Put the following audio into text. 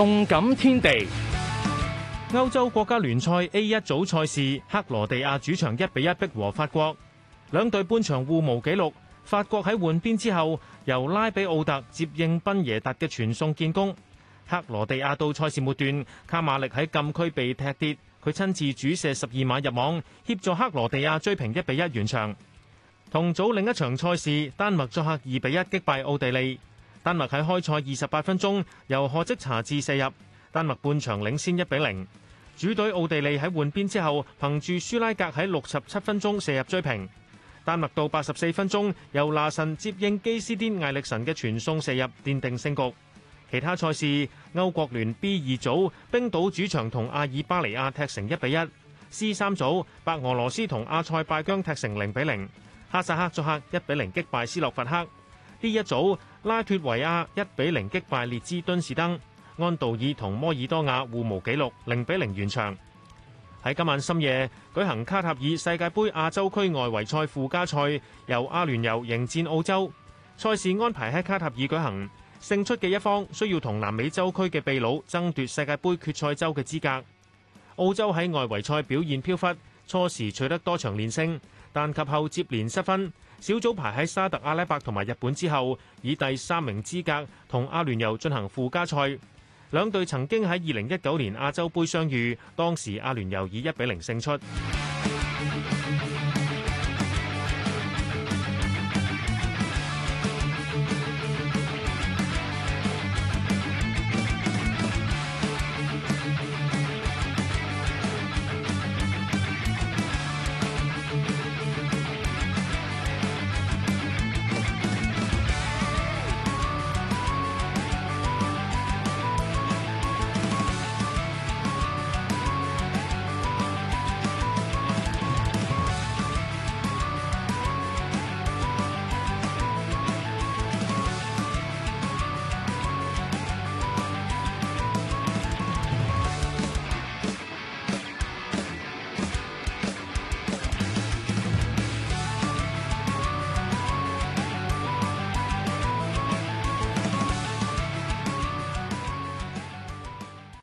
動感天地，歐洲國家聯賽 A 一組賽事，克羅地亞主場一比一逼和法國，兩隊半場互無紀錄。法國喺換邊之後，由拉比奧特接應賓耶達嘅傳送建功。克羅地亞到賽事末段，卡馬力喺禁區被踢跌，佢親自主射十二碼入網，協助克羅地亞追平一比一完場。同組另一場賽事，丹麥作客二比一擊敗奧地利。丹麥喺開賽二十八分鐘由何積查治射入，丹麥半場領先一比零。主隊奧地利喺換邊之後，憑住舒拉格喺六十七分鐘射入追平。丹麥到八十四分鐘由納神接應基斯丁艾力神嘅傳送射入，奠定勝局。其他賽事，歐國聯 B 二組冰島主場同阿爾巴尼亞踢成一比一。C 三組白俄羅斯同阿塞拜疆踢成零比零。哈薩克作客一比零擊敗斯洛伐克。呢一組拉脫維亞一比零擊敗列支敦士登，安道爾同摩爾多亞互無紀錄零比零完場。喺今晚深夜舉行卡塔爾世界盃亞洲區外圍賽附加賽，由阿聯酋迎戰澳洲。賽事安排喺卡塔爾舉行，勝出嘅一方需要同南美洲區嘅秘魯爭奪世界盃決賽周嘅資格。澳洲喺外圍賽表現飄忽，初時取得多場連勝。但及後接連失分，小組排喺沙特阿拉伯同埋日本之後，以第三名資格同阿聯酋進行附加賽。兩隊曾經喺二零一九年亞洲杯相遇，當時阿聯酋以一比零勝出。